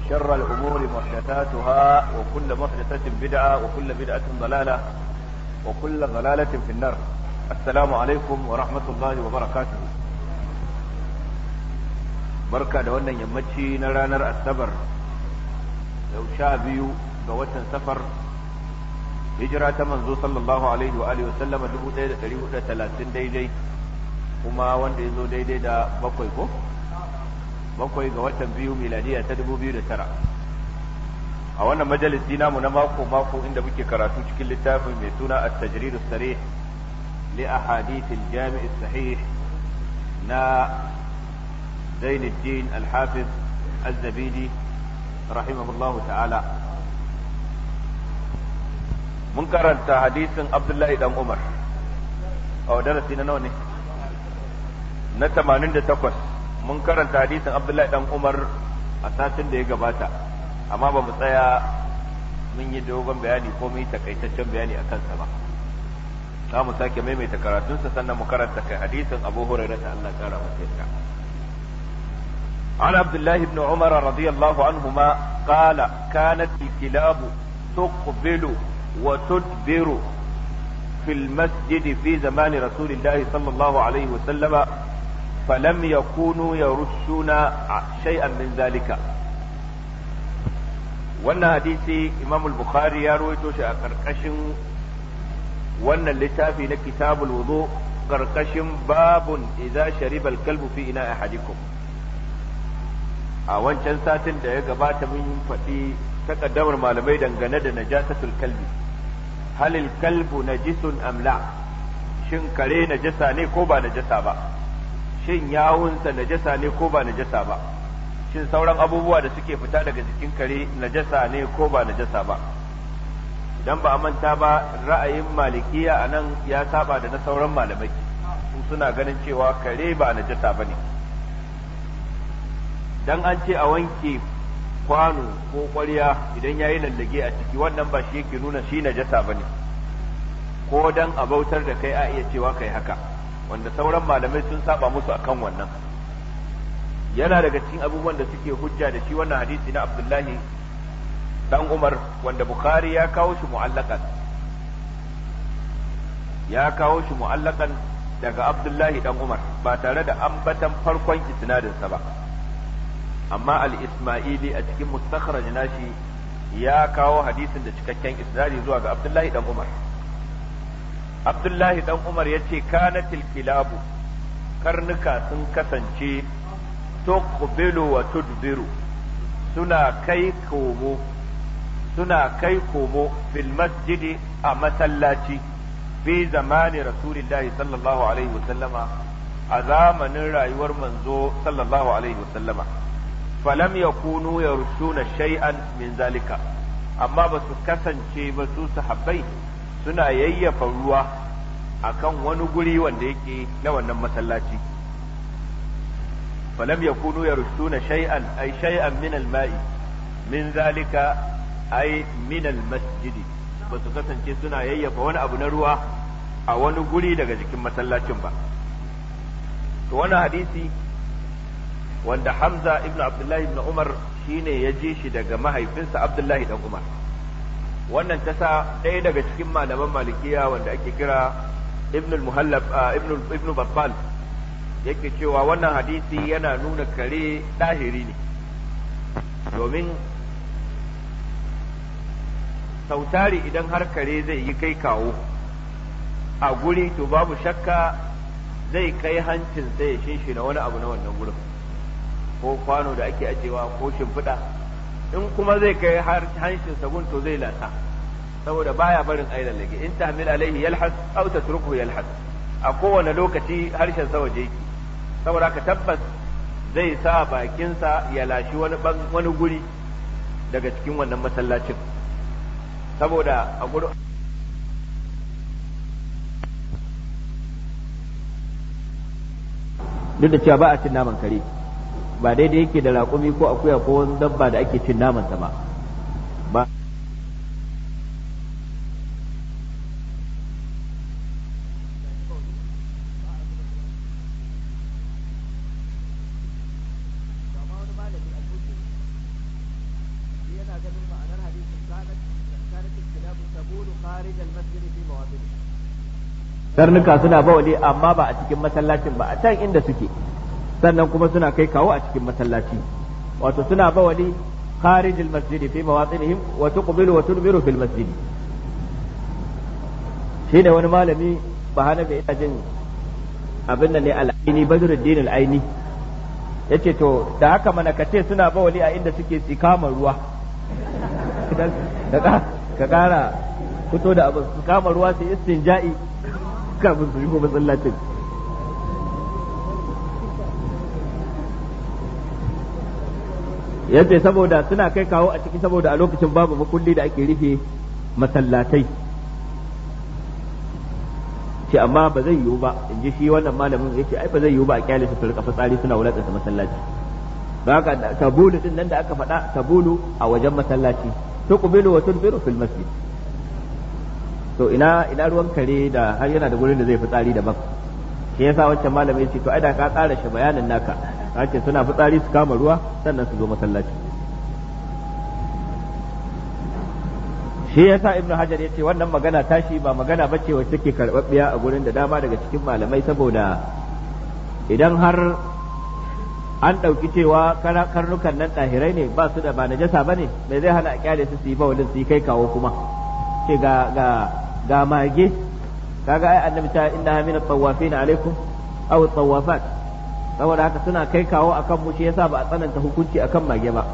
وشر الأمور محدثاتها وكل محدثة بدعة وكل بدعة ضلالة وكل ضلالة في النار السلام عليكم ورحمة الله وبركاته بركة دولنا يمتشي نرى نرى السبر لو شاء بيو بوتا سفر هجرة منذ صلى الله عليه وآله وسلم دبو ديدة تلاتين ديدي kuma wanda ya zo daidai da bakwai ko bakwai ga watan biyu miladiya ta dubu biyu da tara a wannan majalisi namu na mako mako inda muke karatu cikin littafin mai suna a tajrid sare sarih li ahadith al-jami' as-sahih na Zainuddin al-Hafiz rahimahullahu ta'ala mun karanta hadisin Abdullahi dan Umar a darasi na nawa ne na 88 mun karanta hadisin abdullahi dan umar a satin da ya gabata amma ba mu tsaya mun yi dogon bayani ko mun yi takaitaccen bayani a kansa ba za mu sake maimaita karatunsa sannan mu karanta kai hadisin abu hurairah ta Allah kara masa yarda عن عبد الله بن عمر رضي الله عنهما قال كانت الكلاب تقبل وتدبر في المسجد في زمان رسول الله صلى الله عليه وسلم falam yakunu yarudduna shay'an min zalika wannan hadisi Imam al-Bukhari ya rawaito shi a karkashin wannan littafi na Kitabul Wudu karkashin babun idza shariba al-kalbu fi ina ahadikum a wancan satin da ya gabata mun faɗi takaddamar malamai dangane da najasatul kalbi halil kalbu najisun amla shin kare najasa ne ko ba najasa ba shin yawunsa najasa ne ko ba najasa ba shin sauran abubuwa da suke fita daga jikin kare najasa ne ko ba najasa ba idan ba a manta ba ra'ayin malikiya a nan ya saba da na sauran malamai suna ganin cewa kare ba najasa ba ne dan an ce a wanke kwano ko kwarya idan ya yi lallage a ciki wannan ba shi yake nuna shi najasa ba ne ko dan a bautar da kai a iya cewa kai haka wanda sauran malamai sun saba musu akan wannan yana daga cikin abubuwan da suke hujja da shi wannan hadisi na abdullahi dan umar wanda bukhari ya kawo shi mu'allakan ya kawo shi mu'allakan daga abdullahi dan umar ba tare da ambatan farkon isnadinsa ba amma al-isma'ili a cikin mustakhraj nashi ya kawo hadisin da cikakken isnadi zuwa ga abdullahi dan umar abdullahi dan umar ya ce kana tilkilabu? karnuka sun kasance tuqbilu wa tudbiru suna kai komo suna kai komo fil masjidi a masallaci fi zamani rasulillahi sallallahu alaihi wasallama a zamanin rayuwar manzo sallallahu alaihi wasallama falam yakunu yarsuna shay'an min zalika amma ba su kasance ba su sahabbai suna yayyafa ruwa akan wani guri wanda yake na wannan masallaci falam ya yarsuna shay'an ay shay'an min al-ma'i min zalika ay min al-masjid ba su kasance suna yayyafa wani abu na ruwa a wani guri daga jikin masallacin ba to wannan hadisi wanda Hamza ibn Abdullahi ibn Umar shine ya ji shi daga mahaifinsa Abdullahi Ibn Umar wannan ta sa ɗaya daga cikin malaman malikiya wanda ake kira ibn al-muhallab ibn ah, ibn babbal yake cewa wannan hadisi yana nuna kare ɗahiri ne domin sautari idan har kare zai yi kai kawo a guri to babu shakka zai kai hancin sai ya na wani abu na wannan gurin ko kwano da ake ajewa ko shimfiɗa in kuma zai kai hancin sagun to zai lasa saboda baya barin aidan lage in ta mil alaihi yalhas aw tatruku yalhas a kowane lokaci harshen sa waje yake saboda ka tabbas zai sa bakinsa ya lashi wani wani guri daga cikin wannan masallacin saboda a guri duk da cewa ba a cin naman kare ba daidai yake da raƙumi ko akuya ko wani dabba da ake cin naman ba ba karnuka suna bawali amma ba a cikin masallacin ba a can inda suke sannan kuma suna kai kawo a cikin masallaci wato suna bawali wani al-masjid fi mawatinihim wa tuqbilu wa tudbiru fil masjid shi da wani malami ba hana bai ina jin abin da ne al-aini badruddin al-aini yace to da haka mana kace suna bawali a inda suke tsikama ruwa ka kara fito da abin su ruwa su istinja'i kafin su shigo masallacin yadda saboda suna kai kawo a ciki saboda a lokacin babu makulli da ake rufe masallatai ce amma ba zai yiwu ba in ji shi wannan malamin yake ai ba zai yiwu ba a kyale su su rika fitsari suna ta masallaci ba haka tabulu din nan da aka faɗa tabulu a wajen masallaci to kubilu wa tudbiru fil masjid to ina ina ruwan kare da har yana da gurin da zai fitsari daban shi yasa wancan malamin yace to ai da ka tsara shi bayanin naka ake suna fitsari su kama ruwa sannan su zo masallaci shi yasa ibnu hajar ce wannan magana tashi ba magana bace wacce take karbabbiya a gurin da dama daga cikin malamai saboda idan har an ɗauki cewa karnukan nan ɗahirai ne ba su da ba najasa ba ne mai zai hana a kyale su yi bawalin su yi kai kawo kuma ce ga ga ga mage kaga ai annabi ta inna hamina tawafina alaikum aw tawafat saboda haka suna kai kawo akan mu shi yasa ba a tsananta hukunci akan mage ba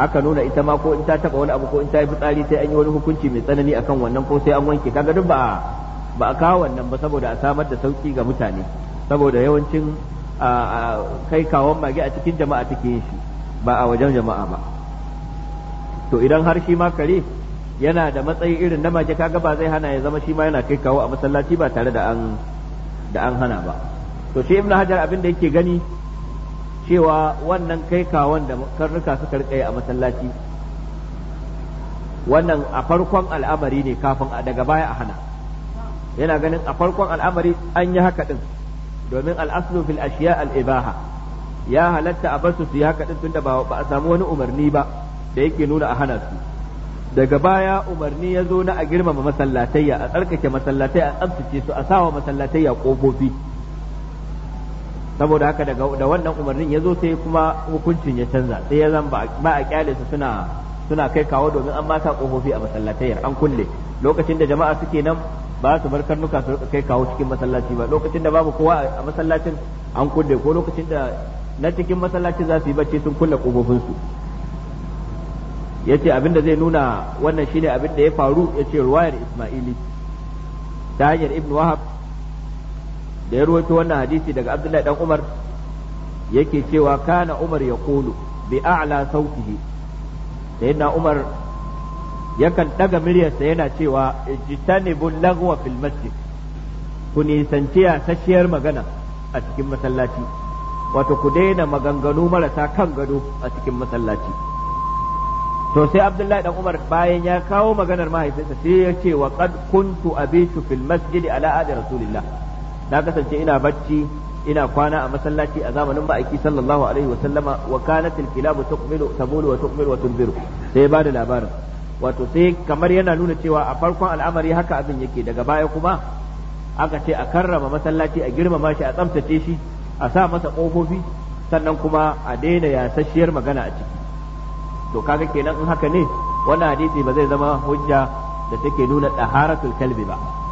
aka nuna ita ma ko in ta taba wani abu ko in ta yi fitsari sai an yi wani hukunci mai tsanani akan wannan ko sai an wanke kaga duk ba ba a kawo wannan ba saboda a samar da sauki ga mutane saboda yawancin kai kawon mage a cikin jama'a take yin shi ba a wajen jama'a ba to idan har shi ma kare yana da matsayi irin na mage kaga ba zai hana ya zama shi ma yana kai kawo a masallaci ba tare da an da an hana ba to shi ibnu hajar abin da yake gani cewa wannan kai kawon da karnuka suka rika a masallaci wannan a farkon al'amari ne kafin a daga baya a hana yana ganin a farkon al'amari an yi haka din domin al'aslu fil ashiya al ibaha ya halatta a basu su yi haka din tunda ba a samu wani umarni ba da yake nuna a hana su daga baya umarni ya zo na a girmama masallatayya a tsarkake masallatai a tsabtace su a sawa masallatayya kofofi saboda haka daga da wannan umarnin ya zo sai kuma hukuncin ya canza sai ya zan ba a kyale su suna suna kai kawo domin an ba kofofi a masallatai an kulle lokacin da jama'a suke nan ba su bar karnuka su kai kawo cikin masallaci ba lokacin da babu kowa a masallacin an kulle ko lokacin da na cikin masallaci za su yi bacci sun kulle kofofin su yace abin da zai nuna wannan shine abin da ya faru yace ruwayar Isma'ili ta hanyar ibnu Wahab da ya ruwaito wannan hadisi daga Abdullahi dan Umar yake cewa kana Umar ya kulu bi a'la sautihi sayyidina Umar yakan daga miryarsa yana cewa ijtanibul lagwa fil masjid ku nisanci sashiyar magana a cikin masallaci wato ku daina maganganu marasa kan gado a cikin masallaci to sai Abdullahi dan Umar bayan ya kawo maganar mahaifinsa sai ya ce wa qad kuntu abitu fil masjid ala adi rasulillah na kasance ina bacci ina kwana a masallaci a zamanin ma'aiki sallallahu alaihi wa sallama wa kanat alkilabu tuqbilu tabulu wa wa tunziru sai ba da labarin wato sai kamar yana nuna cewa a farkon al'amari haka abin yake daga baya kuma aka ce a karrama masallaci a girmama shi a tsaftace shi a sa masa kofofi sannan kuma a daina yasasshiyar magana a ciki to kaga kenan in haka ne wannan hadisi ba zai zama hujja da take nuna daharatul kalbi ba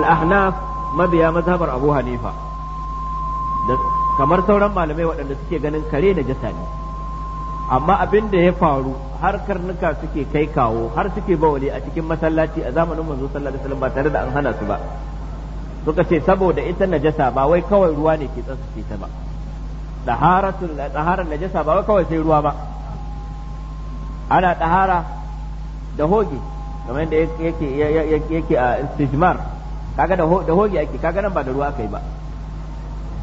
al-ahnaf mabiya mazhabar abu hanifa kamar sauran malamai waɗanda suke ganin kare na jasa ne amma abin da ya faru har karnuka suke kai kawo har suke bawali a cikin masallaci a zamanin manzo sallallahu alaihi wasallam ba tare da an hana su ba suka ce saboda ita najasa ba wai kawai ruwa ne ke tsantsace ta ba daharatul daharar najasa ba wai kawai sai ruwa ba ana dahara da hoge kamar yadda yake yake a istijmar kaga da da hoge ake kaga nan ba da ruwa kai ba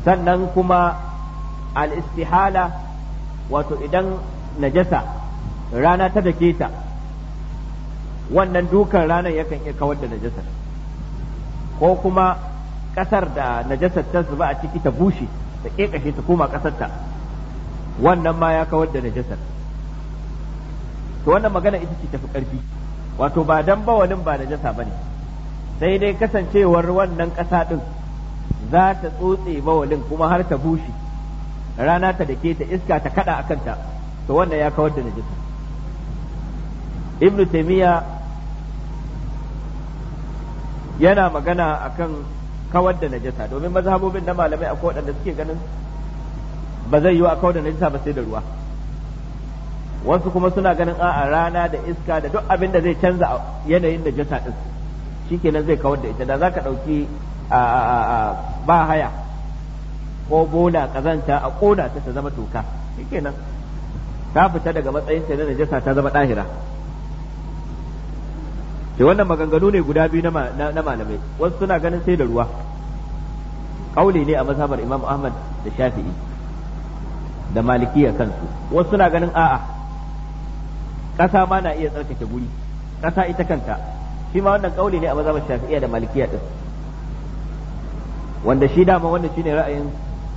sannan kuma al istihala wato idan najasa rana ta dake ta wannan dukan ranar yakan iya kawar da najasar ko kuma kasar da najasar ta zuba a ciki ta bushe ta kekashe ta koma kasarta wannan ma ya kawar da najasar to wannan magana ita ce tafi karfi wato ba dan bawalin ba najasa bane sai dai kasancewar wannan ƙasa ɗin za ta tsotse bawalin kuma har ta bushe rana ta dake ta iska ta kada a kanta to wannan ya kawar da najisa ibnu taimiyya yana magana akan kawar da najisa domin mazhabobin na malamai akwai waɗanda suke ganin ba zai yi a kawar da najisa ba sai da ruwa wasu kuma suna ganin a'a rana da iska da duk abin da zai canza yanayin najisa din shikenan zai kawar da ita da zaka dauki ba haya ko bola kazanta a kona ta ta zama toka shikenan ta fita daga matsayin ta na najasa ta zama dahira to wannan maganganu ne guda biyu na malamai wasu suna ganin sai da ruwa kauli ne a mazhabar Imam Ahmad da Shafi'i da Malikiya kansu wasu suna ganin a'a ƙasa ma na iya tsarkake guri ƙasa ita kanta shi ma wannan kauli ne a mazhabar shafi'iyya da malikiya din wanda shi dama wannan shine ra'ayin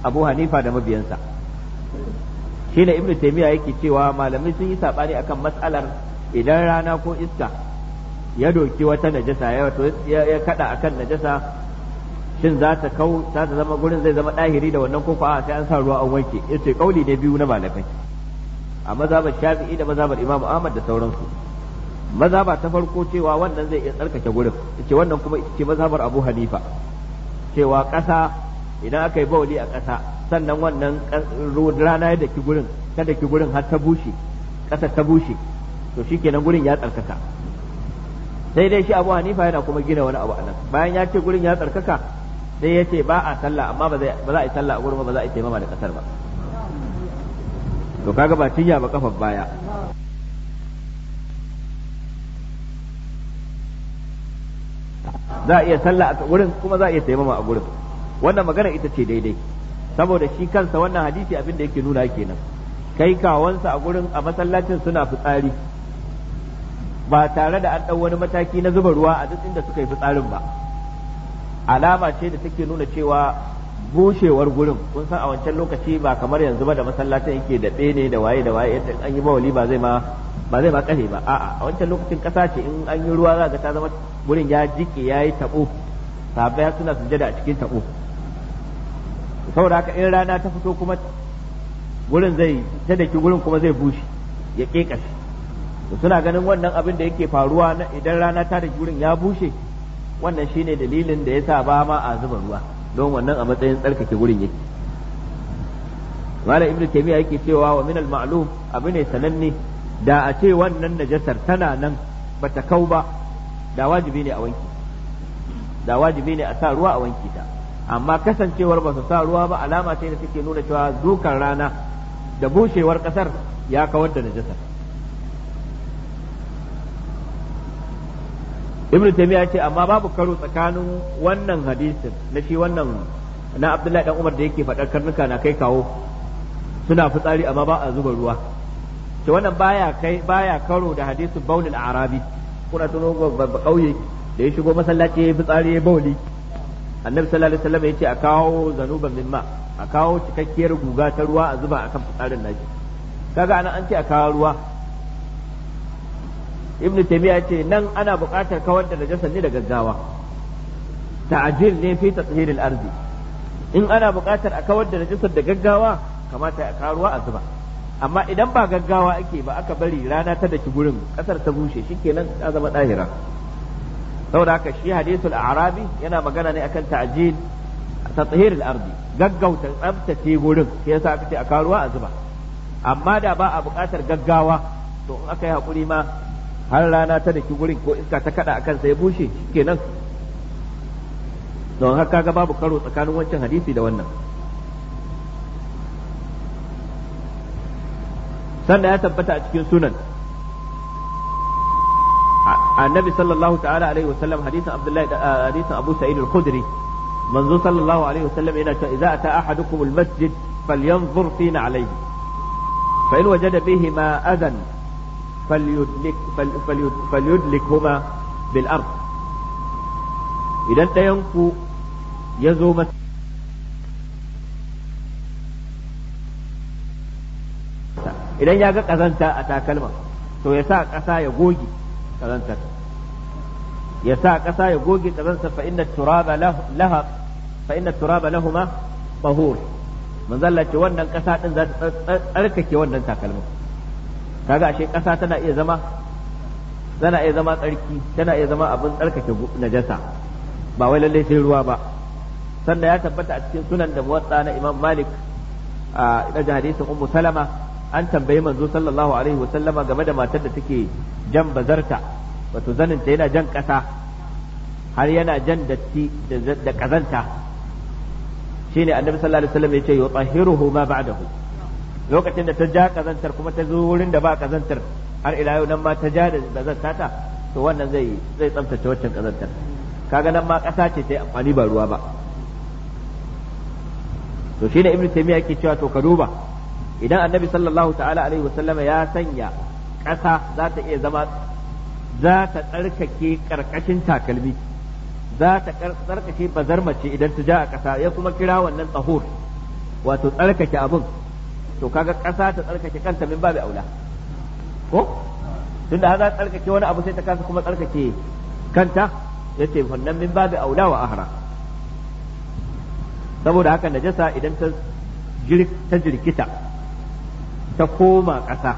Abu Hanifa da mabiyansa shine Ibn Taymiyyah yake cewa malamai sun yi sabani akan matsalar idan rana ko iska ya doki wata najasa ya ya kada akan najasa shin za ta kau za ta zama gurin zai zama dahiri da wannan koko a sai an sa ruwa an wanke yace kauli ne biyu na malamai a mazhabar Shafi'i da mazhabar Imam Ahmad da sauransu mazhaba ta farko cewa wannan zai iya tsarkake gurin ce wannan kuma ita ce mazhabar abu hanifa cewa ƙasa idan aka yi bauli a ƙasa sannan wannan rana ya daki gurin ta daki gurin har ta bushe ƙasa ta bushe to shikenan gurin ya tsarkaka sai dai shi abu hanifa yana kuma gina wani abu anan bayan ya ce gurin ya tsarkaka sai ya ce ba a sallah amma ba za a yi sallah a gurin ba ba za a yi taimama da ƙasar ba to kaga ba cinya ba kafar baya za a iya sallah a gurin kuma za a iya taimama a gurin wannan magana ita ce daidai saboda shi kansa wannan hadisi abin da yake nuna kenan kai kawansa a gurin a masallacin suna fitsari ba tare da an ɗau wani mataki na zuba ruwa a duk inda suka yi fitsarin ba alama ce da take nuna cewa bushewar gurin kun san a wancan lokaci ba kamar yanzu ba da masallacin yake da ne da waye da waye yadda an yi mawali ba zai ma ba zai ma kare ba a'a a wancan lokacin kasa ce in an yi ruwa za ga ta zama gurin ya jike ya yi tabo sahabbai suna sujada a cikin tabo saboda haka in rana ta fito kuma gurin zai ta daki gurin kuma zai bushe ya kekashi suna ganin wannan abin da yake faruwa idan rana ta daki gurin ya bushe wannan shine dalilin da yasa ba ma a zuba ruwa don wannan a matsayin tsarkake wurin yake malam ibnu taymiya yake cewa wa min al ma'lum abu ne sananne da a ce wannan najasar tana nan bata kau ba da wajibi ne a wanki da wajibi ne a sa ruwa a wanki ta amma kasancewar ba su sa ruwa ba alama ce da take nuna cewa dukan rana da bushewar kasar ya kawar da najasar ibnu taymiya ce amma babu karo tsakanin wannan hadisin na shi wannan na abdullahi dan umar da yake faɗar karnuka na kai kawo suna fitsari amma ba a zuba ruwa to wannan baya kai baya karo da hadisin baulul arabi kuna tuno babba kauye da ya shigo masallaci ya fitsari ya bauli annabi sallallahu alaihi wasallam yace a kawo zanuban mimma a kawo cikakkiyar guga ta ruwa a zuba akan fitsarin nashi kaga anan an ce a kawo ruwa ibn taymiya ce nan ana buƙatar kawar da najasa ne da gaggawa ta'jil ne fi tathhiril ardi in ana buƙatar a kawar da najasa da gaggawa kamata a karuwa a zuba amma idan ba gaggawa ake ba aka bari rana ta daki gurin kasar ta bushe shikenan ta zama dahira saboda haka shi hadithul a'rabi yana magana ne akan ta'jil tathhiril ardi gaggauta tsabtace gurin shi yasa aka ce a karuwa a zuba amma da ba a buƙatar gaggawa to in aka yi hakuri ma har rana ta daki gurin ko iska ta kada akan sa ya bushe kenan don haka ga babu karo tsakanin wancan hadisi da wannan sannan ya tabbata a cikin sunan annabi sallallahu ta'ala alaihi wasallam hadisin abdullahi hadisin abu sa'id al-khudri manzo sallallahu alaihi wasallam yana cewa idza ata ahadukum al-masjid falyanzur fina alayhi fa in wajada bihi ma adan falyudlik falyudlik huma bil ard idan ɗayan ku ya zo masa idan ya ga kazanta a takalma to ya sa ƙasa ya goge kazantar ya sa ƙasa ya goge kazantar fa inna turaba laha fa inna turaba lahuma tahur manzalla ce wannan ƙasa din za ta tsarkake wannan takalma kaga ashe ƙasa tana iya zama tana iya zama tsarki tana iya zama abin tsarkake najasa ba wai lallai sai ruwa ba sannan ya tabbata a cikin sunan da muwatta na imam malik a daga hadisin ummu salama an tambayi manzo sallallahu alaihi wa sallama game da matar da take jan bazarta wato zanin ta yana jan ƙasa har yana jan datti da kazanta shine annabi sallallahu alaihi wasallam yace yutahhiruhu ma ba'dahu lokacin da ta ja kazantar kuma ta zo wurin da ba kazantar har ila yau nan ma ta ja da kazanta ta to wannan zai zai tsaftace waccan kazantar kaga nan ma kasa ce ta amfani ba ruwa ba to shi shine ibnu taymiya yake cewa to ka duba idan annabi sallallahu ta'ala alaihi wasallama ya sanya kasa za ta iya zama za ta tsarkake karkashin takalmi za ta tsarkake bazarmace idan ta ja a kasa ya kuma kira wannan tsahur wato tsarkake abin to kaga ƙasa ta tsarkake kanta min babu aula ko tun da haza tsarkake wani abu sai ta kasa kuma tsarkake kanta yace wannan min babu aula wa ahra saboda haka najasa idan ta ta jirkita ta koma ƙasa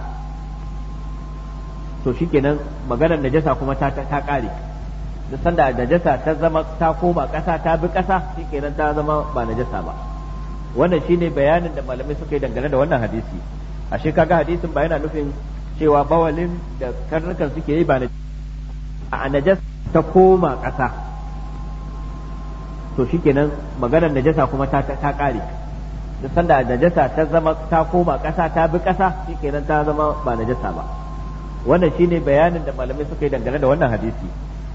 to shikenan maganar najasa kuma ta ta kare da sanda najasa ta zama ta koma ƙasa ta bi ƙasa shikenan ta zama ba najasa ba wannan shine bayanin da malamai suka yi dangane da wannan hadisi ashe kaga hadisin ba yana nufin cewa bawalin da karnukan suke yi ba na a najas ta koma ƙasa to shikenan maganar najasa kuma ta ta kare duk sanda najasa ta zama ta koma ƙasa ta bi ƙasa shikenan ta zama ba najasa ba wannan shine bayanin da malamai suka yi dangane da wannan hadisi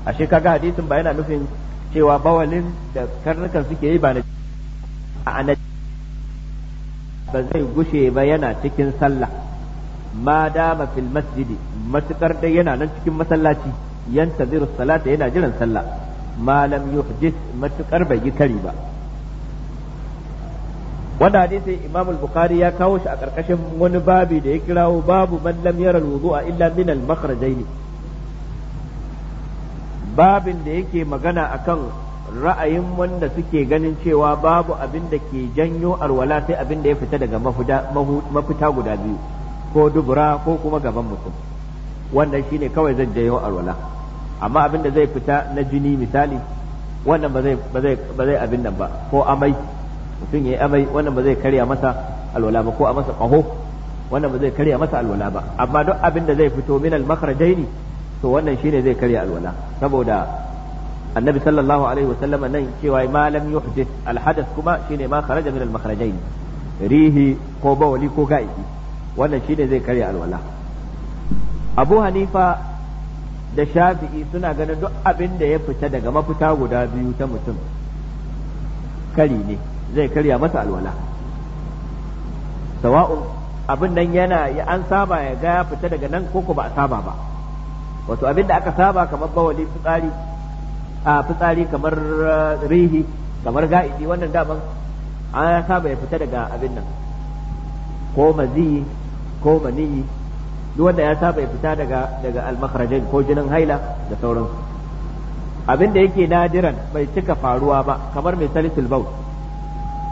ashe kaga hadisin ba yana nufin cewa bawalin da karnukan suke yi ba na a ba zai gushe ba yana cikin sallah ma dama fil masjidi matukar dai yana nan cikin masallaci yantaziru salata yana jiran sallah ma lam yuhdith matukar bai yi kari ba wanda hadisi imam al-bukhari ya kawo shi a karkashin wani babi da ya kirawo babu man lam yara al-wudu'a illa min al-makhrajaini babin da yake magana akan ra'ayin wanda suke ganin cewa babu abin da ke janyo alwala sai abin da ya fita daga mafita guda biyu ko dubura ko kuma gaban mutum wannan shine kawai zan janyo alwala amma abin da zai fita na jini misali wannan ba zai abin nan ba ko amai mutum ya yi amai wannan ba zai karya masa alwala ba ko a masa ƙaho wannan ba zai karya masa alwala ba amma duk abin da zai fito min al-makhrajaini to wannan shine zai karya alwala saboda annabi sallallahu alaihi wa sallama nan cewa ma lam yuhdith kuma shine ma kharaja min al makhrajain rihi ko bawli ko ga'idi wannan shine zai karya alwala abu hanifa da shafi'i suna ganin duk abin da ya fita daga mafita guda biyu ta mutum kari ne zai karya masa alwala sawa'un abin nan yana an saba ya ga fita daga nan koko ba a saba ba wato abin da aka saba kamar bawali fitsari a fitsari kamar rihi kamar ga'idi wannan daman an saba ya fita daga abin nan ko mazi ko maniyi duk wanda ya saba ya fita daga daga almakharajain ko jinin haila da sauransu abin da yake nadiran bai cika faruwa ba kamar mai salisul bawl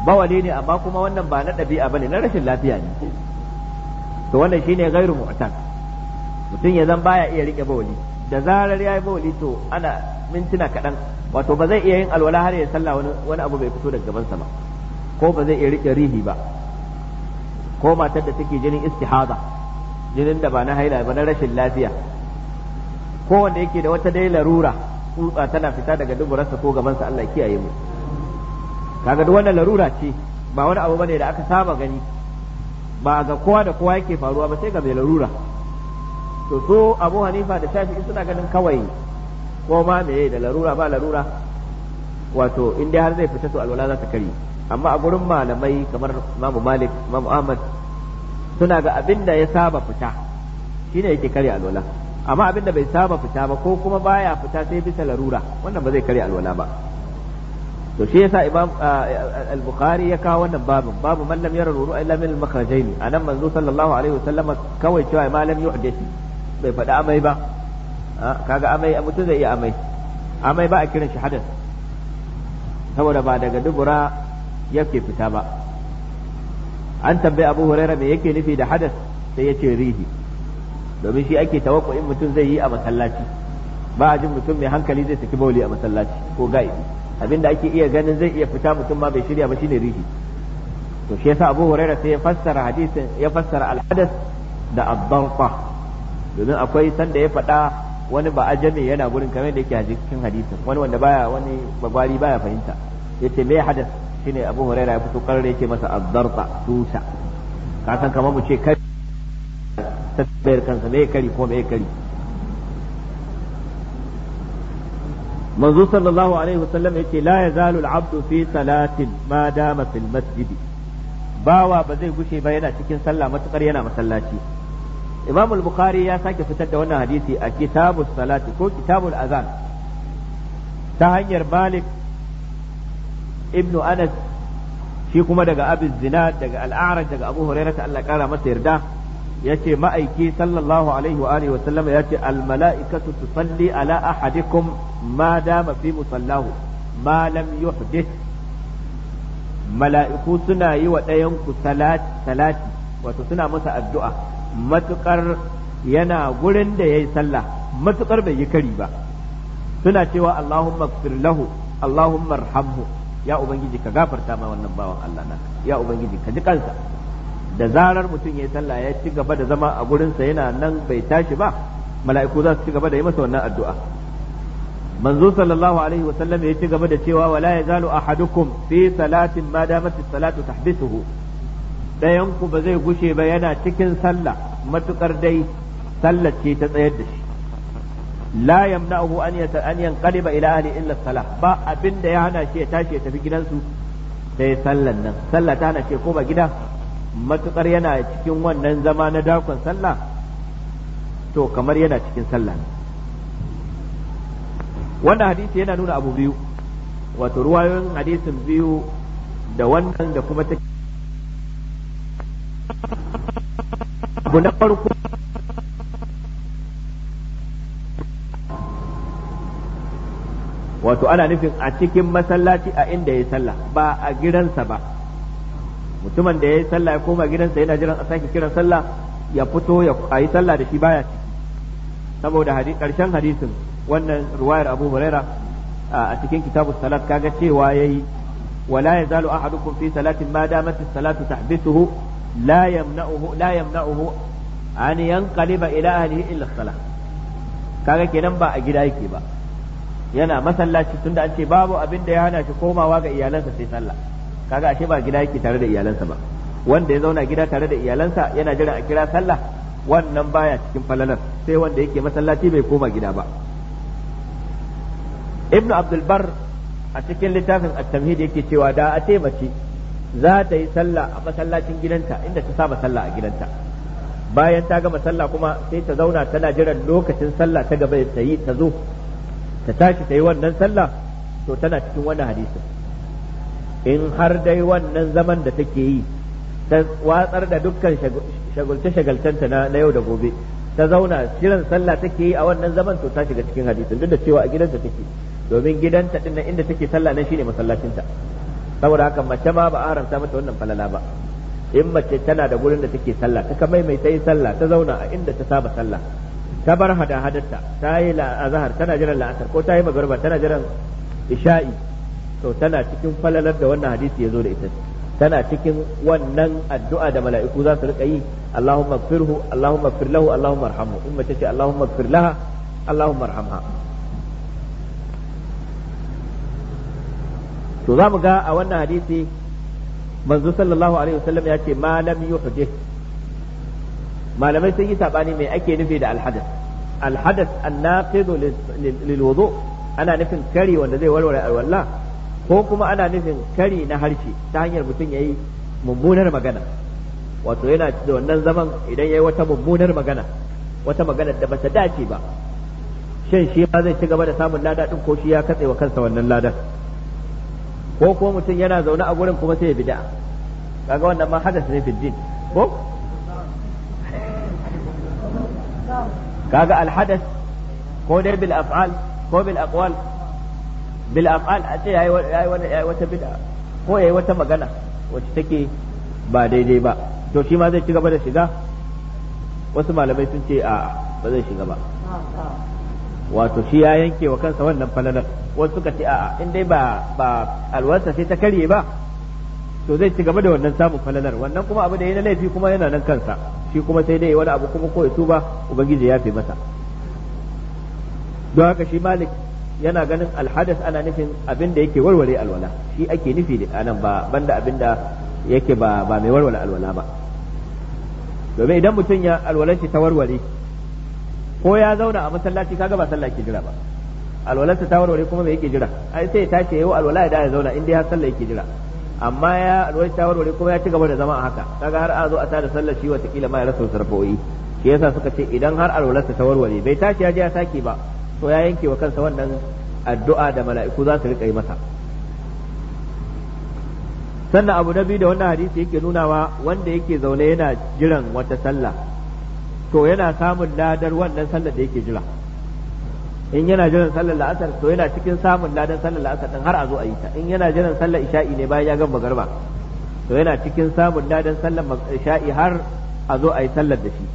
bawale ne amma kuma wannan ba na ɗabi'a bane na rashin lafiya ne to wannan shine ghairu otal. mutum ya zan baya iya rike bawali da zarar ya yi bawali to ana mintuna kaɗan wato ba zai iya yin alwala har ya sallah wani wani abu bai fito daga gabansa ba ko ba zai iya rike rihi ba ko matar da take jinin istihada jinin da ba na haila ba na rashin lafiya ko wanda yake da wata dai larura tsutsa tana fita daga duburarsa ko gabansa Allah kiyaye mu kaga duk wannan larura ce ba wani abu bane da aka saba gani ba ga kowa da kowa yake faruwa ba sai ga mai larura to so abu hanifa da shafi suna ganin kawai ko ma meye da larura ba larura wato in dai har zai fita to alwala za ta kari amma a gurin malamai kamar imamu malik imamu ahmad suna ga abin da ya saba fita shine yake kare alwala amma abin da bai saba fita ba ko kuma baya fita sai bisa larura wannan ba zai kare alwala ba to shi yasa imam al-bukhari ya kawo wannan babin babu man lam yara ru'u illa min al-makhrajain anan manzo sallallahu alaihi wasallama kawai cewa ma lam bai faɗi amai ba kaga amai a mutum zai iya amai amai ba a kiran shi hadas saboda ba daga dubura yake fita ba an tambayi abu huraira me yake nufi da hadas sai ya ce rihi domin shi ake tawakkuin mutum zai yi a masallaci ba a jin mutum mai hankali zai saki bauli a masallaci ko ga'ibi abinda ake iya ganin zai iya fita mutum ma bai shirya ba shine rihi to shi yasa abu huraira sai ya fassara hadisin ya fassara alhadas da ad-darqa domin akwai sanda ya faɗa wani ba ajami yana gurin kamar da yake a cikin hadisin wani wanda baya wani bagwari baya fahimta yace me hadas shine abu huraira ya fito karar yake masa azzarta tusa ka san kamar mu ce kari tabbayar kansa me kari ko me kari manzo sallallahu alaihi wasallam yace la yazalu al-abdu fi salatin ma dama fil masjidi bawa ba zai gushe ba yana cikin sallah matukar yana masallaci imam al-bukhari ya sake fitar da wannan hadisi a kitabus salati ko kitabul azan ta hanyar malik ibnu anas shi kuma daga abin zina daga al'araj daga abu hurairah ta Allah kara masa yarda yace ma'aiki sallallahu alaihi wa alihi wa sallam yace al mala'ikatu tusalli ala ahadikum ma dama fi musallahu ma lam yuhdith mala'iku suna yi wa ɗayan ku salati wato suna masa addu'a matuƙar yana gurin da yayi sallah matuƙar bai yi kari ba suna cewa Allahumma ighfir lahu Allahumma arhamhu ya ubangiji ka gafarta ma wannan bawan Allah na ya ubangiji ka ji kansa da zarar mutum yayi sallah ya ci gaba da zama a gurin sa yana nan bai tashi ba mala'iku za su ci gaba da yi masa wannan addu'a manzo sallallahu alaihi wa sallam ya ci gaba da cewa wala yazalu ahadukum fi salatin ma damat as-salatu tahbisuhu ɗayanku ba zai gushe ba yana cikin sallah matukar dai sallah ce ta tsayar da shi la yamna'uhu an an yanqaliba ila ahli illa salah ba abinda ya hana shi ya tashi ya tafi gidansu sai sallan nan sallah ta hana shi ba gida matukar yana cikin wannan zama na dakon sallah to kamar yana cikin sallah wannan hadisi yana nuna abu biyu wato ruwayoyin hadisin biyu da wannan da kuma take abu na farko wato ana nufin a cikin masallaci a inda ya sallah ba a gidansa ba mutumin da ya yi sallah ya koma gidansa yana jiran a sake kiran sallah ya fito ya yi sallah da shi baya ciki saboda karshen hadisin wannan ruwayar abu huraira a cikin kitabu salat kaga cewa yayi wala ya yazalu ahadukum fi salatin ma damat as-salatu tahbisuhu la yamna'uhu la yamna'uhu an yanqaliba ila ahlihi illa salah kaga kenan ba a gida yake ba yana masallaci tunda an ce babu abin da ya hana shi komawa ga iyalansa sai sallah kaga ashe ba gida yake tare da iyalansa ba wanda ya zauna gida tare da iyalansa yana jira a kira sallah wannan baya cikin falalar sai wanda yake masallaci bai koma gida ba ibnu abdul bar a cikin littafin at-tamhid yake cewa da a taimaci. za ta yi sallah a masallacin gidanta inda ta saba sallah a gidanta bayan ta gama sallah kuma sai ta zauna tana jiran lokacin sallah ta gaba ta yi ta zo ta tashi ta yi wannan sallah to tana cikin wannan hadisin in har dai wannan zaman da take yi ta watsar da dukkan shagulce shagaltanta na yau da gobe ta zauna shirin sallah take yi a wannan zaman to ta shiga cikin hadisin duk da cewa a gidanta take domin gidanta din inda take sallah nan shine masallacinta saboda haka mace ma ba aranta mata wannan falala ba in mace tana da gurin da take sallah ta kamai mai ta yi sallah ta zauna a inda ta saba sallah ta bar hada hadarta ta yi azhar tana jiran la'asar ko ta yi magarba tana jiran isha'i to tana cikin falalar da wannan hadisi ya zo da ita tana cikin wannan addu'a da mala'iku za su rika yi Allahumma firhu Allahumma firlahu Allahumma arhamhu in mace ce Allahumma firlaha Allahumma arhamha to za mu ga a wannan hadisi manzo sallallahu alaihi wasallam ya ce malam yuhdith malamai sun yi sabani me ake nufi da Alhadas alhadath annaqidu lilwudu ana nufin kari wanda zai warware alwala ko kuma ana nufin kari na harshe ta hanyar mutum yayi mummunar magana wato yana da wannan zaman idan yayi wata mummunar magana wata magana da bata dace ba Shan shi ma zai ci gaba da samun lada din ko shi ya katse wa kansa wannan ladan ko kuma mutum yana zaune a gurin kuma sai ya bid'a kaga wannan ma hadas ne fiddin ko kaga alhadas ko dai bil af'al ko bil aqwal bil af'al a ce yayi yayi wata bid'a ko yayi wata magana wacce take ba daidai ba to shi ma zai ci gaba da shiga wasu malamai sun ce a ba zai shiga ba wato shi ya yanke wa kansa wannan falalar wasu suka ce a'a in dai ba ba alwarsa sai ta karye ba to zai ci gaba da wannan samun falalar wannan kuma abu da ya na laifi kuma yana nan kansa shi kuma sai dai wani abu kuma ko ya tuba ubangiji ya fi masa don haka shi malik yana ganin alhadas ana nufin abin da yake warware alwala shi ake nufi anan ba banda abin da yake ba ba mai warware alwala ba domin idan mutum ya alwalanci shi ta warware ko ya zauna a masallaci kaga ba sallah yake jira ba alwalarsa ta warware kuma me yake jira ai sai ya tashi yau alwala ya ya zauna in har sallah yake jira amma ya alwalarsa ta warware kuma ya ci gaba da zama a haka kaga har a zo a tada sallah shi kila ma ya rasa sarfoyi shi yasa suka ce idan har alwalarsa ta warware bai tashi ya je ya sake ba to ya yanke wa kansa wannan addu'a da mala'iku za su rika yi masa sannan abu na biyu da wannan hadisi yake nunawa wanda yake zaune yana jiran wata sallah to yana samun ladar wannan sallar da yake jira in yana jiran sallar la'asar to yana cikin samun ladar sallar la'asar din har a zo a yi ta in yana jiran sallar isha'i ne bayan ya gama garba to yana cikin samun ladar sallar isha'i har a zo a yi sallar da shi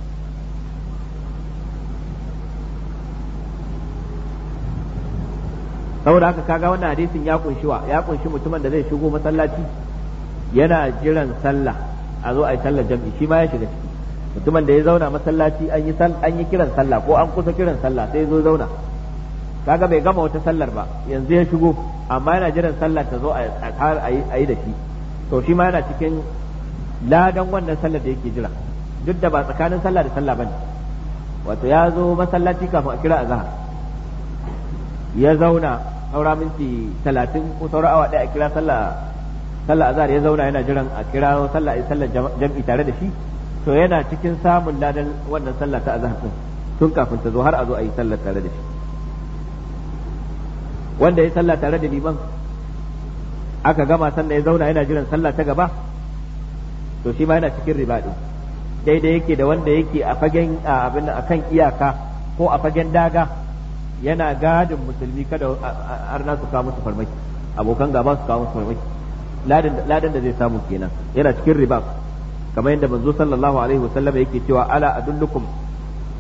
saboda haka kaga wannan hadisin ya kunshi wa ya kunshi mutumin da zai shigo masallaci yana jiran sallah a zo a yi sallar jam'i shi ma ya shiga ciki mutumin da ya zauna masallaci an yi an yi kiran sallah ko an kusa kiran sallah sai zo zauna kaga bai gama wata sallar ba yanzu ya shigo amma yana jiran sallar ta zo a yi da shi to shi ma yana cikin ladan wannan sallar da yake jira duk da ba tsakanin sallah da sallah bane wato ya zo masallaci kafin a kira azhar ya zauna saura minti talatin ko saura awa ɗaya a kira sallah sallah azhar ya zauna yana jiran a kira sallah sallar jam'i tare da shi to yana cikin samun ladan wannan sallah ta azhar din tun kafin ta zo har a zo a yi sallah tare da shi wanda ya sallah tare da liman aka gama sannan ya zauna yana jiran sallah ta gaba to shi ma yana cikin riba din daidai yake da wanda yake a fagen abin a kan iyaka ko a fagen daga yana gadin musulmi kada arna su kawo musu farmaki abokan gaba su kawo musu farmaki ladan da zai samu kenan yana cikin riba kamar yadda manzo sallallahu alaihi wasallam yake cewa ala adullukum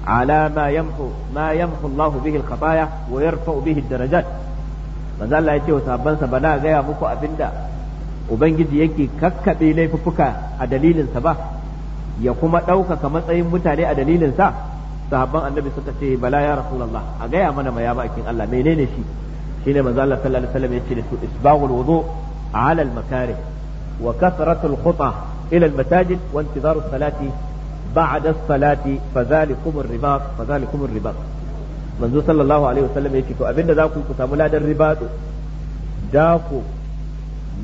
ala ma yamhu ma yamhu Allahu bihi al-khataya wa darajat ya ce wa sahabban sa bana ga ya muku abinda ubangiji yake kakkabe laifuffuka a dalilin ba ya kuma ɗaukaka matsayin mutane a dalilin sa sahabban annabi suka bala ya rasulullah a gaya mana maya bakin Allah menene shi shine manzo Allah sallallahu alaihi wasallam ya ce su isbaghul wudu ala al-makarih wa kasratul khutah إلى المساجد وانتظار الصلاة بعد الصلاة فذلكم الرباط فذلكم الرباط منذ صلى الله عليه وسلم يكي تو أبين ذاكو كسامو لادر رباط داكو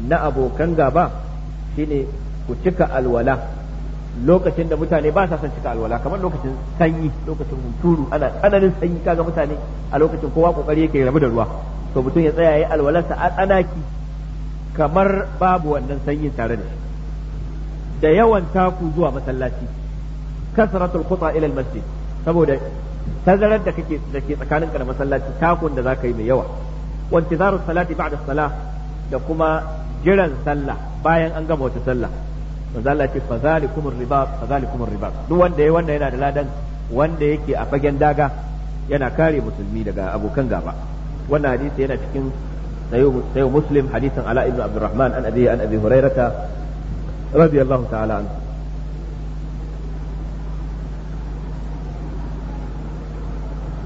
نأبو كنغابا شيني كتك الولا lokacin da mutane ba sa son cika alwala kamar lokacin sanyi lokacin hunturu ana tsananin sanyi kaga mutane a lokacin kowa kokari yake rabu da ruwa to mutum ya tsaya yi alwalarsa a tsanaki kamar babu wannan sanyin tare da da yawan taku zuwa masallaci kasratul khuta ila masjid saboda tazarar da kake da ke tsakaninka da masallaci takun da zaka yi mai yawa wa intizaru salati ba'da salah da kuma jiran sallah bayan an gama wata sallah manzo Allah ce fa zalikumur ribab fa zalikumur ribab duk wanda yayi wannan yana da ladan wanda yake a fagen daga yana kare musulmi daga abokan gaba wannan hadisi yana cikin sayo muslim hadisin ala ibnu abdurrahman an abi an abi hurairata radiyallahu ta'ala anhu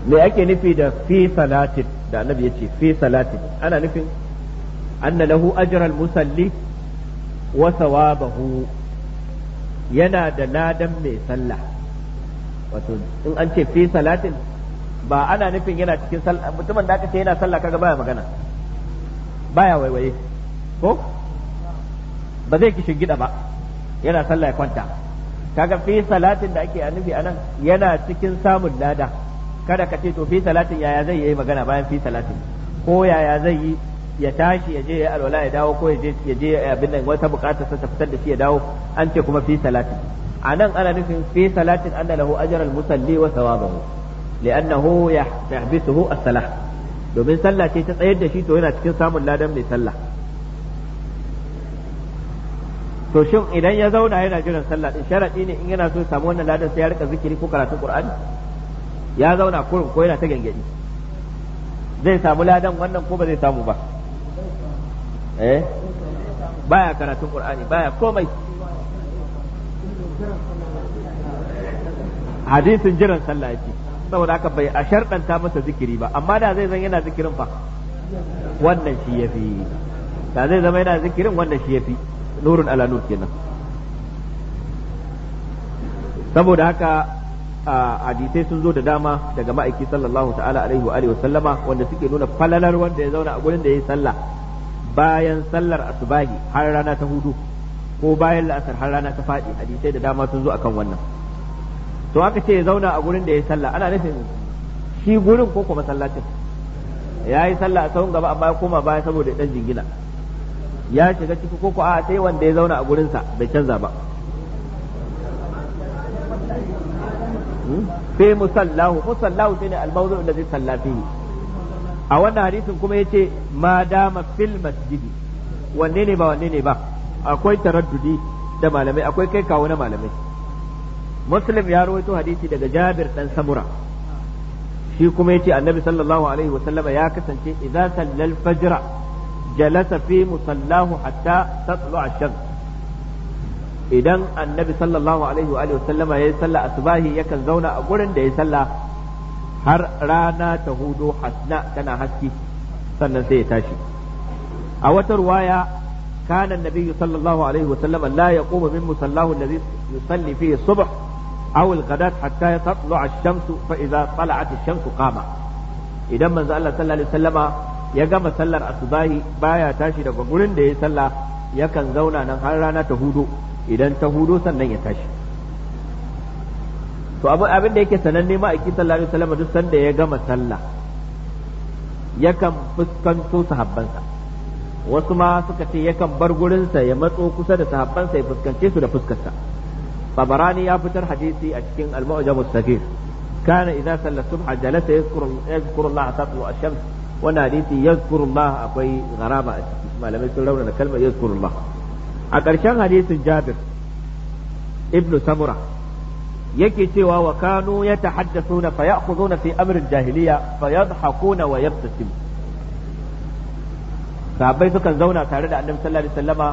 me ake nufi da fi salatin da annabi ya ce fi salatin ana nufin anna lahu ajral musalli wa sawabahu yana da ladan mai sallah wato in an ce fi salatin ba ana nufin yana cikin sallah mutumin da aka ce yana sallah kaga baya magana baya waiwaye ko ba zai kishin gida ba yana sallah ya kwanta kaga fi salatin da ake a anan yana cikin samun lada kada ka ce to fi salatin yaya zai yi magana bayan fi salatin ko yaya zai yi ya tashi ya je ya alwala ya dawo ko ya je abin nan wata bukatar sa ta fitar da shi ya dawo an ce kuma fi salatin anan ana nufin fi salatin anna lahu ajral musalli wa thawabahu li'annahu yahbisuhu as-salah domin sallah ce ta tsayar da shi to yana cikin samun ladan mai sallah to shin idan ya zauna yana jiran sallah din sharadi ne in yana so ya samu wannan ladan sai ya rika zikiri ko karatun qur'ani ya zauna kurum ko yana ta gangadi zai samu ladan wannan ko ba zai samu ba eh baya karatun qur'ani baya komai hadisin jiran sallah yake saboda haka bai a sharɗanta masa zikiri ba amma da zai zan yana zikirin fa wannan shi yafi da zai zama yana zikirin wannan shi yafi nurun ala nur kenan saboda haka hadisai sun zo da dama daga ma'aiki sallallahu ta'ala alaihi wa alihi sallama wanda suke nuna falalar wanda ya zauna a gurin da ya yi sallah bayan sallar asubahi har rana ta hudu ko bayan la'asar har rana ta fadi hadisai da dama sun zo akan wannan to aka ce ya zauna a gurin da ya yi sallah ana nufin shi gurin ko kuma sallatin ya yi sallah a tsawon gaba amma ya koma baya saboda ya dan jingina ya shiga ciki ko a sai wanda ya zauna a gurinsa bai canza ba fi hmm? musallahu musallahu shine al da zai salla fihi a wannan hadisin kuma yace ma dama fil masjidi wanne ne ba wanne ne ba akwai taraddudi da malamai akwai kai kawo na malamai muslim ya rawaito hadisi daga jabir dan samura shi kuma yace annabi sallallahu alaihi wasallama ya kasance idza sallal fajra jalasa fi musallahu hatta tatlu ash-shams idan annabi sallallahu alaihi wa alihi sallama yayi sallah asbahi yakan zauna a gurin da ya sallah har rana ta hudu hasna tana haski sannan sai ya tashi a wata ruwaya kana annabi sallallahu alaihi wa sallama la yaqumu min musallahu alladhi yusalli fihi subh أو الغداة حتى تطلع الشمس فإذا طلعت الشمس قام إذا من الله صلى الله عليه وسلم ya gama sallar asubahi baya tashi daga gurin da ya sallah yakan zauna nan har rana ta hudu idan ta hudu sannan ya tashi to abin da yake sananne ma aiki sallallahu alaihi wasallam duk sanda ya gama sallah yakan fuskanto sahabbansa wasu ma suka ce yakan bar gurinsa ya matso kusa da sahabbansa ya fuskance su da fuskarsa tabarani ya fitar hadisi a cikin al-mu'jam as-saghir kana idza salla subha jalasa yadhkuru yadhkuru Allah tatlu ash-shams wannan hadisi yazkurullah akwai gharaba a ciki malamai sun raunana kalmar yazkurullah a ƙarshen hadisin Jabir ibnu Samura yake cewa wa kanu yatahaddathuna fa ya'khuduna fi amrin jahiliya fa yadhhakuna wa yabtasim sahabbai sukan zauna tare da annabi sallallahu alaihi wasallama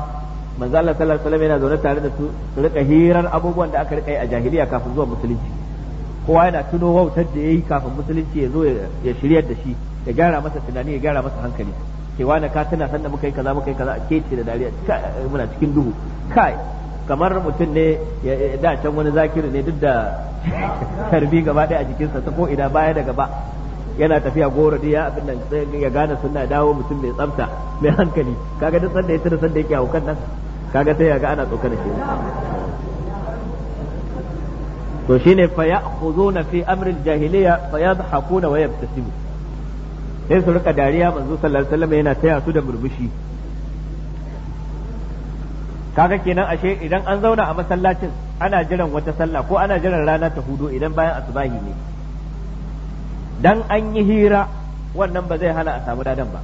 manzo Allah sallallahu alaihi yana zaune tare da su su rika hirar abubuwan da aka rika yi a jahiliya kafin zuwa musulunci kowa yana tuno wautar da yayi kafin musulunci ya zo ya shiryar da shi ya gyara masa tunani ya gyara masa hankali ke wani ka tana sanda muka yi kaza muka yi kaza ke ce da dariya muna cikin duhu kai kamar mutum ne ya da can wani zakiri ne duk da tarbi gaba ɗaya a jikinsa ta ko ina baya da gaba yana tafiya goro da ya abin nan ya gane suna dawo mutum mai tsafta mai hankali kaga duk sanda ya tuna sanda yake haukan nan kaga sai ya ga ana tsokana shi to shine fa ya'khuduna fi amri jahiliya fa yadhakuna wa yabtasimu sai su rika dariya manzo sallallahu alaihi wasallam yana taya su da murmushi kaga kenan ashe idan an zauna a masallacin ana jiran wata sallah ko ana jiran rana ta hudu idan bayan asubahi ne dan an yi hira wannan ba zai hana a samu dadan ba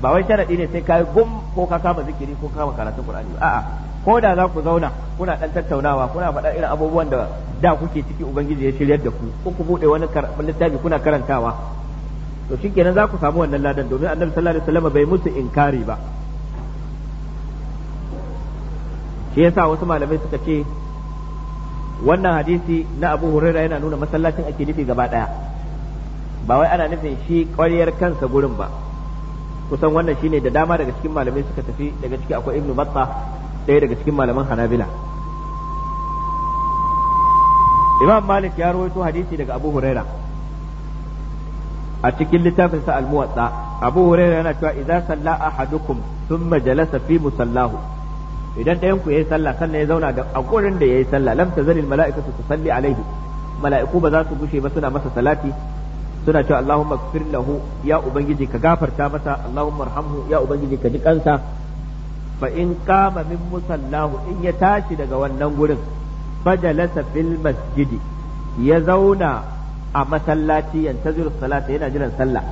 ba wai sharadi ne sai kai gum ko ka kama zikiri ko kama karatun qur'ani a'a ko da za ku zauna kuna dan tattaunawa kuna faɗa irin abubuwan da da kuke ciki ubangiji ya shiryar da ku ko ku bude wani littafi kuna karantawa to kenan za ku samu wannan ladan domin annabi sallallahu alaihi wasallam bai musu inkari ba shi yasa wasu malamai suka ce wannan hadisi na Abu Hurairah yana nuna masallacin ake nufi gaba daya ba wai ana nufin shi ƙwaryar kansa gurin ba kusan wannan shine da dama daga cikin malamai suka tafi daga ciki akwai ibnu Battah ɗaya daga cikin malaman Hanabila Imam Malik ya rawaito hadisi daga Abu Hurairah a cikin littafin sa al-muwatta abu huraira yana cewa idza salla ahadukum thumma jalasa fi musallahu idan ɗayan ku yayi sallah sannan ya zauna da a gurin da yayi sallah lam tazalil mala'ikatu tusalli alaihi mala'iku ba za su gushe ba suna masa salati suna cewa Allahumma ighfir lahu ya ubangiji ka gafarta masa Allahumma arhamhu ya ubangiji ka ji kansa fa in qama min musallahu in ya tashi daga wannan gurin fajalasa fil masjidi ya zauna a masallaci yantaziru salata yana jiran sallah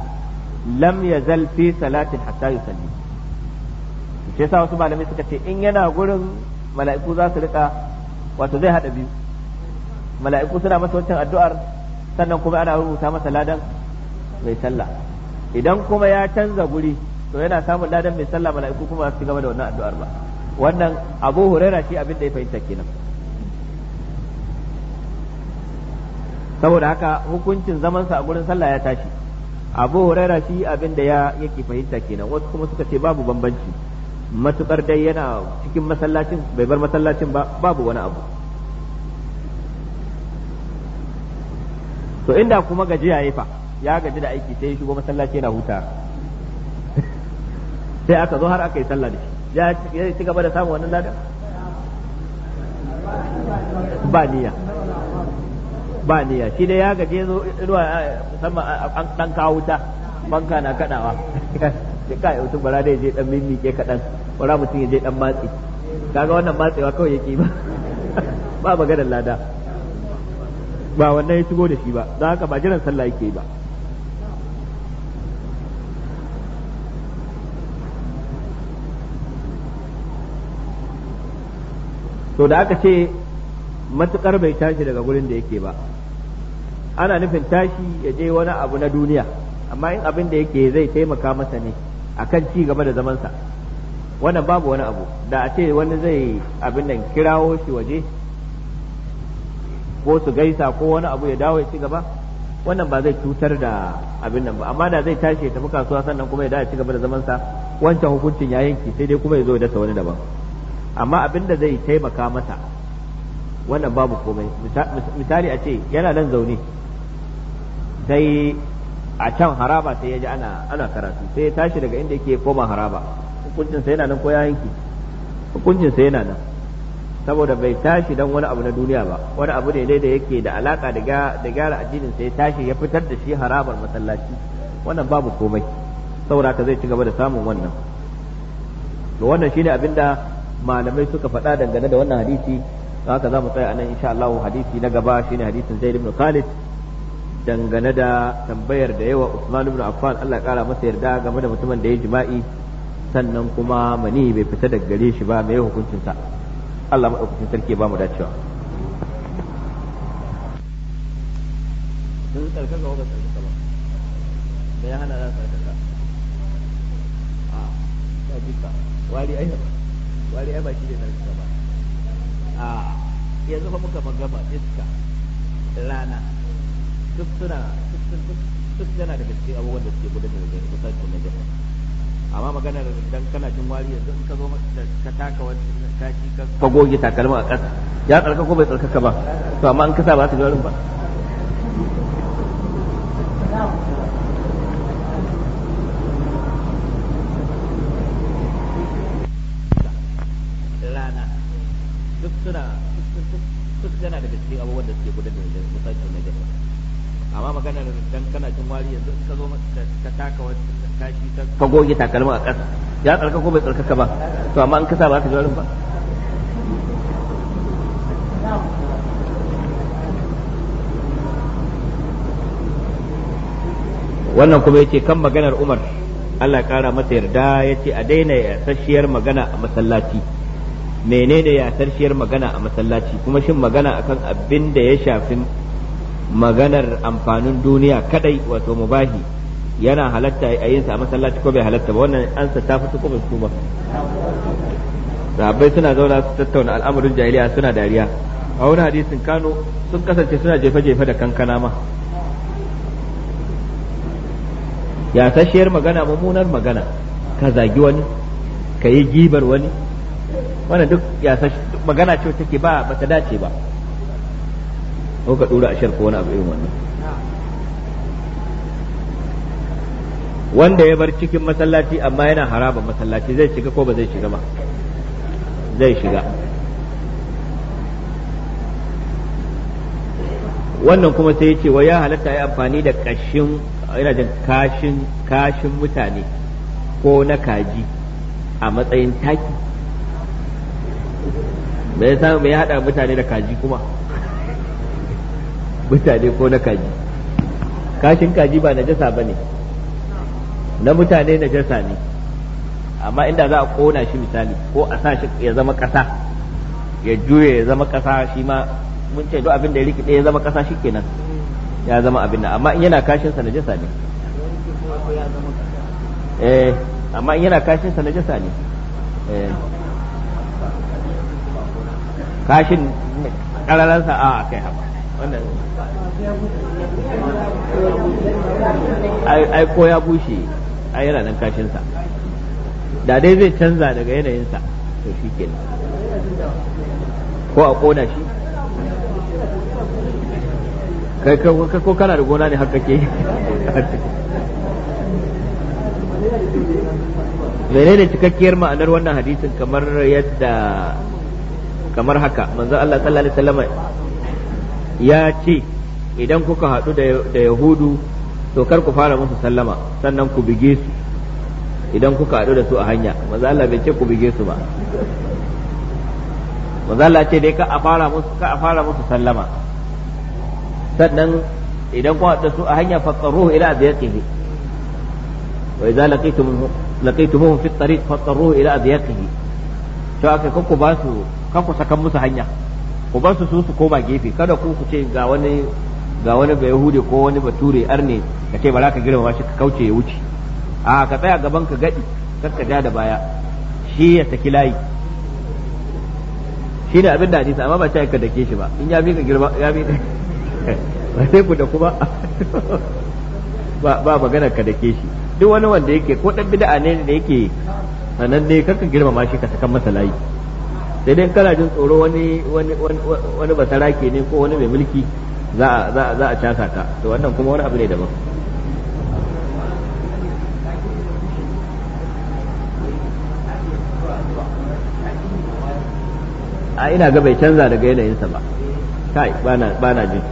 lam yazal fi salatin hatta yusalli sai sa wasu malamai suka ce in yana gurin mala'iku za su rika wato zai hada biyu mala'iku suna masa wancan addu'ar sannan kuma ana rubuta masa ladan mai sallah idan kuma ya canza guri to yana samun ladan mai sallah mala'iku kuma su gaba da wannan addu'ar ba wannan abu huraira shi abin da ya fahimta kenan saboda haka hukuncin zamansa a gurin sallah ya tashi abu huraira shi abin da ya yake fahimta kenan wasu kuma suka ce babu bambanci matukar dai yana cikin masallacin bai bar masallacin ba babu wani abu to inda kuma gajiya ya fa ya gaji da aiki sai ya shigo masallaci yana huta sai aka zo har aka yi sallah da shi ya ci gaba da samun wannan ladan ba niyya ba niyya shi dai ya gaje zo ruwa musamman an dan kawo wuta banka na kadawa ya kai mutum bara dai je dan mimmike kadan bara mutum ya je dan matsi kaga wannan matsewa kawai yake ba ba maganar lada ba wannan ya shigo da shi ba za haka ba jiran sallah yake ba to da aka ce matukar bai tashi daga gurin da yake ba ana nufin tashi ya je wani abu na duniya amma in abin da yake zai taimaka masa ne akan ci gaba da zamansa wannan babu wani abu da a ce wani zai abin nan kirawo shi waje ko su gaisa ko wani abu ya dawo ya ci gaba wannan ba zai cutar da abin nan ba amma da zai tashi ya tafi kasuwa sannan kuma ya dawo ya ci gaba da zamansa wancan hukuncin ya yanki sai dai kuma ya zo ya dasa wani daban amma abin da zai taimaka masa wannan babu komai misali a ce yana nan zaune sai a can haraba sai ya ji ana karatu sai ya tashi daga inda yake koma haraba hukuncin sa yana nan ko ya yanki hukuncin sa yana nan saboda bai tashi dan wani abu na duniya ba wani abu ne dai da yake da alaka da gyara addinin sa ya tashi ya fitar da shi harabar masallaci wannan babu komai saboda ka zai ci gaba da samun wannan to wannan shine da malamai suka faɗa dangane da wannan hadisi haka za mu tsaya anan insha Allah hadisi na gaba shine hadisin Zaid ibn Khalid dangane da tambayar da yawa Usman ibn Affan Allah kara masa yarda game da mutumin da ya jima'i sannan kuma mani bai fita daga gare shi ba mai hukuncin sa Allah madaukakin sarki ba mu dacewa sun tsarkaka ga ba tsarkaka ba da ya hana za tsarkaka a ta jika wari ai wari ai ba shi ne tsarkaka ba a yanzu fa muka magama iska rana duk suna duk yana da gaske abubuwan da suke gudanar da gani kusa da najasa amma magana dan kana jin wari yanzu in ka zo ka taka wani kashi ka ka goge takalma a ƙasa ya tsarka ko bai tsarkaka ba to amma in ka sa ba ka ji warin ba duk suna duk yana da gaske abubuwan da suke gudanar da gani kusa da najasa amma magana dan kana jin wari yanzu in ka zo ka taka wata kashi ka goge takalma a ƙasa ya tsarka ko bai tsarkaka ba to amma in ka sa ba ka ji warin ba wannan kuma yace kan maganar Umar Allah ya kara masa yarda yace a daina yasasshiyar magana a masallaci menene yasasshiyar magana a masallaci kuma shin magana akan abin da ya shafi maganar amfanin duniya kadai wato mubahi yana halatta a yin sa a masallaci ko bai halatta ba wannan ansa ta fito ko bai fito ba sahabbai suna zauna su tattauna al'amarin jahiliya suna dariya a wani hadisin Kano sun kasance suna jefa-jefa da kankana ma ya tashiyar magana mummunar magana ka zagi wani ka yi gibar wani wannan duk ya magana ce take ba ba ta dace ba ko ka dura a ko wani abu irin wannan wanda ya bar cikin masallaci amma yana haraban masallaci zai shiga ko ba zai shiga ba zai shiga wannan kuma sai ya ce wa ya halatta ya amfani da kashin yana jin kashin kashin mutane ko na kaji a matsayin taki me ya hada mutane da kaji kuma mutane ko na kaji kashin kaji ba najasa ba ne na mutane najasa ne amma inda za a kona shi misali ko a sa shi ya zama kasa ya juye ya zama kasa shi ma mun ce duk abin da ya rikide ya zama kasa shi kenan ya zama abin nan amma in yana kashin sa najasa ne eh amma in yana kashin sa najasa ne eh kashin kararansa a kai haka ai ko ya bushe a yana nan kashinsa da dai zai canza daga yanayinsa to shi ke ko a ƙona shi kai ko kana da gona ne har kake menene cikakkiyar ma'anar wannan hadisin kamar yadda kamar haka manzo Allah sallallahu alaihi wasallam ya ce idan kuka haɗu da yahudu to kar ku fara musu sallama sannan ku bige su idan kuka haɗu da su a hanya maza Allah bai ce ku bige su ba maza Allah ce dai ka a fara musu ka a fara musu sallama sannan idan ku haɗu da su a hanya faqaruhu ila ziyatihi wa idza laqitum laqitumuhum fi at-tariq faqaruhu ila ziyatihi to akai kanku ba su kanku sakan musu hanya ku bar su su su koma gefe kada ku ku ce ga wani ga wani ba yahude ko wani bature arne ka ce ba za ka girmama shi ka kauce ya wuce a ka tsaya gaban ka gadi kar ka ja da baya shi ya saki layi shi ne abin da hadisi amma ba ta ka dake shi ba in ya bi ka girma ya bi ba sai ku da kuma ba ba magana ka dake shi duk wani wanda yake ko dan bid'a ne da yake sananne kar ka girmama shi ka saka masa layi sai dai kana jin tsoro wani wani wani basarake ne ko wani mai mulki za za za a casa ka to wannan kuma wani abu ne daban a ina ga bai canza daga yanayinsa ba kai ba na jin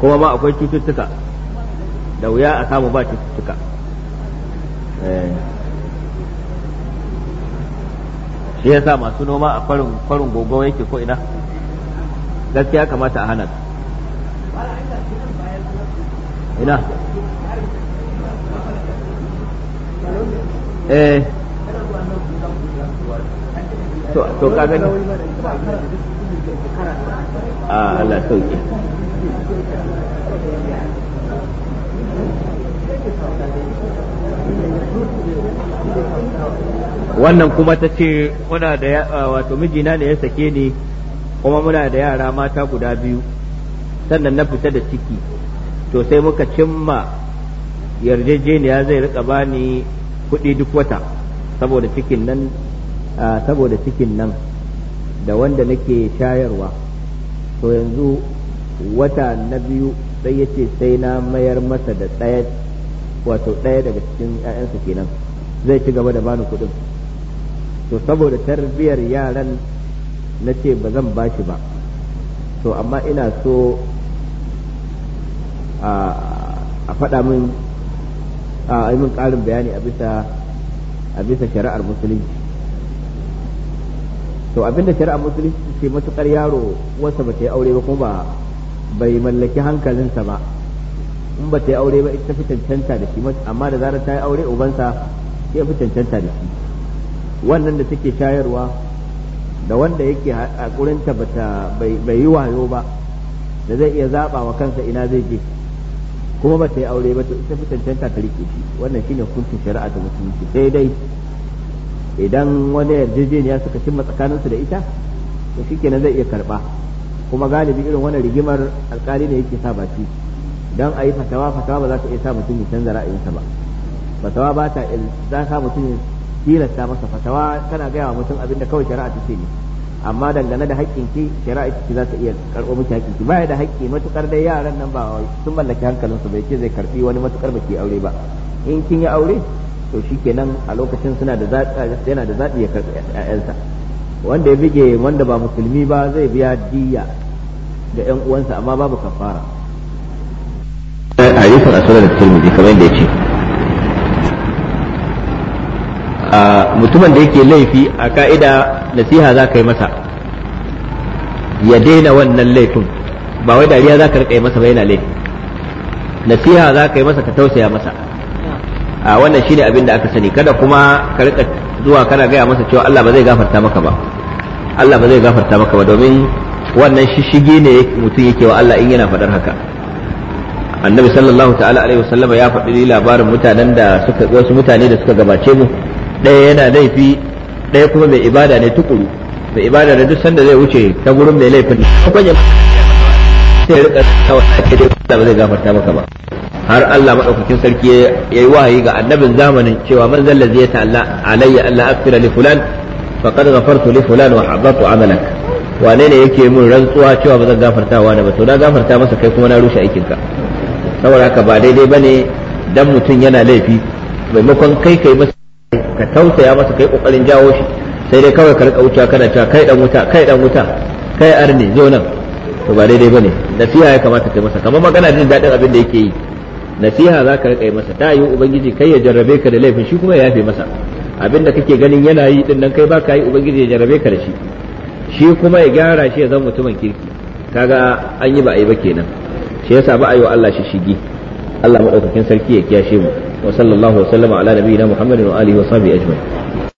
kuma ma akwai cututtuka da wuya a samu ba cututtuka eh. shi yasa masu noma a farin farin gogo yake ko ina gaskiya kamata a hana ina eh to to ka gani a ah, Allah sauke wannan kuma ta ce muna da wato mijina ne ya sake ni kuma muna da yara mata guda biyu sannan na fita da ciki to sai muka cimma yarjejeniya zai rika bani kuɗi duk wata saboda cikin nan saboda cikin nan da wanda nake shayarwa to yanzu wata na biyu sai yace sai na mayar masa da ɗaya wato ɗaya daga cikin 'ya'yansa kenan zai ci gaba da bani kuɗin to saboda tarbiyar yaran na ce ba zan ba shi ba to amma ina so a faɗa min a yi min ƙarin bayani a bisa a bisa shari'ar musulunci to abinda shari'ar musulunci ce matuƙar yaro wasa ba ta yi aure ba kuma bai mallaki hankalinsa ba in ba ta yi aure ba ita fi cancanta da shi amma da zarar ta yi aure ubansa ya fi cancanta da shi wannan da take shayarwa da wanda yake a bata bai yi wayo ba da zai iya zaɓa wa kansa ina zai je kuma ba ta yi aure ba ta ita fi cancanta ta rike shi wannan shine hukuncin shari'a da musulunci sai dai idan wani yarjejeniya suka cimma tsakaninsu da ita to shikenan zai iya karba kuma galibi irin wannan rigimar alkali ne yake sa baki dan ayi yi fatawa fatawa ba za ta iya sa mutum ya canza ra'ayinsa ba fatawa ba ta za sa mutum tilasta masa fatawa tana gaya wa mutum abin da kawai shari'a ta ce ne amma dangane da haƙƙin ki shari'a ce za ta iya karɓo miki haƙƙin ki baya da haƙƙi matukar dai yaran nan ba sun mallaki hankalinsu bai ce zai karɓi wani matukar ba ke aure ba in kin yi aure to shikenan a lokacin suna da yana da zaɓi ya karɓi ƴaƴansa wanda ya buge wanda ba musulmi ba zai biya diya ga ƴan uwansa amma babu kafara حديث a الترمذي كما kamar yadda yace a mutumin da yake laifi a ka'ida nasiha za ka masa ya daina wannan laifin ba wai dariya za ka riƙa yi masa ba yana laifi nasiha za ka masa ka tausaya masa a wannan shine abin da aka sani kada kuma ka rika zuwa kana gaya masa cewa Allah ba zai gafarta maka ba Allah ba zai gafarta maka ba domin wannan shishige ne mutum yake wa Allah in yana faɗar haka annabi sallallahu ta'ala alaihi wasallama ya faɗi labarin mutanen da suka wasu mutane da suka gabace mu ɗaya yana laifi ɗaya kuma mai ibada ne tukuru mai ibada da duk sanda zai wuce ta gurin mai laifin kwanye sai rika tawata ke dai Allah ba zai gafarta maka ba har Allah madaukakin sarki ya yi wahayi ga annabin zamanin cewa man zalla zai ta Allah alayya Allah afira li fulan faqad ghafartu li fulan wa habatu amalak wane ne yake mun rantsuwa cewa ba zan gafartawa da ba to na gafarta masa kai kuma na rushe aikin ka saboda haka ba daidai bane dan mutum yana laifi maimakon kai kai masa ka tausaya masa kai kokarin jawo shi sai dai kawai ka rika wuta kana cewa kai dan wuta kai dan wuta kai arni zo nan to ba daidai bane nasiha ya kamata kai masa kamar magana jin dadin abin da yake yi nasiha za ka rika yi masa ta yi ubangiji kai ya jarrabe ka da laifin shi kuma ya yafe masa abin da kake ganin yana yi din nan kai baka yi ubangiji ya jarrabe ka da shi shi kuma ya gyara shi ya zama mutumin kirki kaga an yi ba a yi ba kenan shi yasa ba a yi wa Allah shishigi Allah madaukakin sarki ya kiyashe mu wa sallallahu wa sallama ala nabiyina Muhammadin wa alihi wa sahbihi ajma'in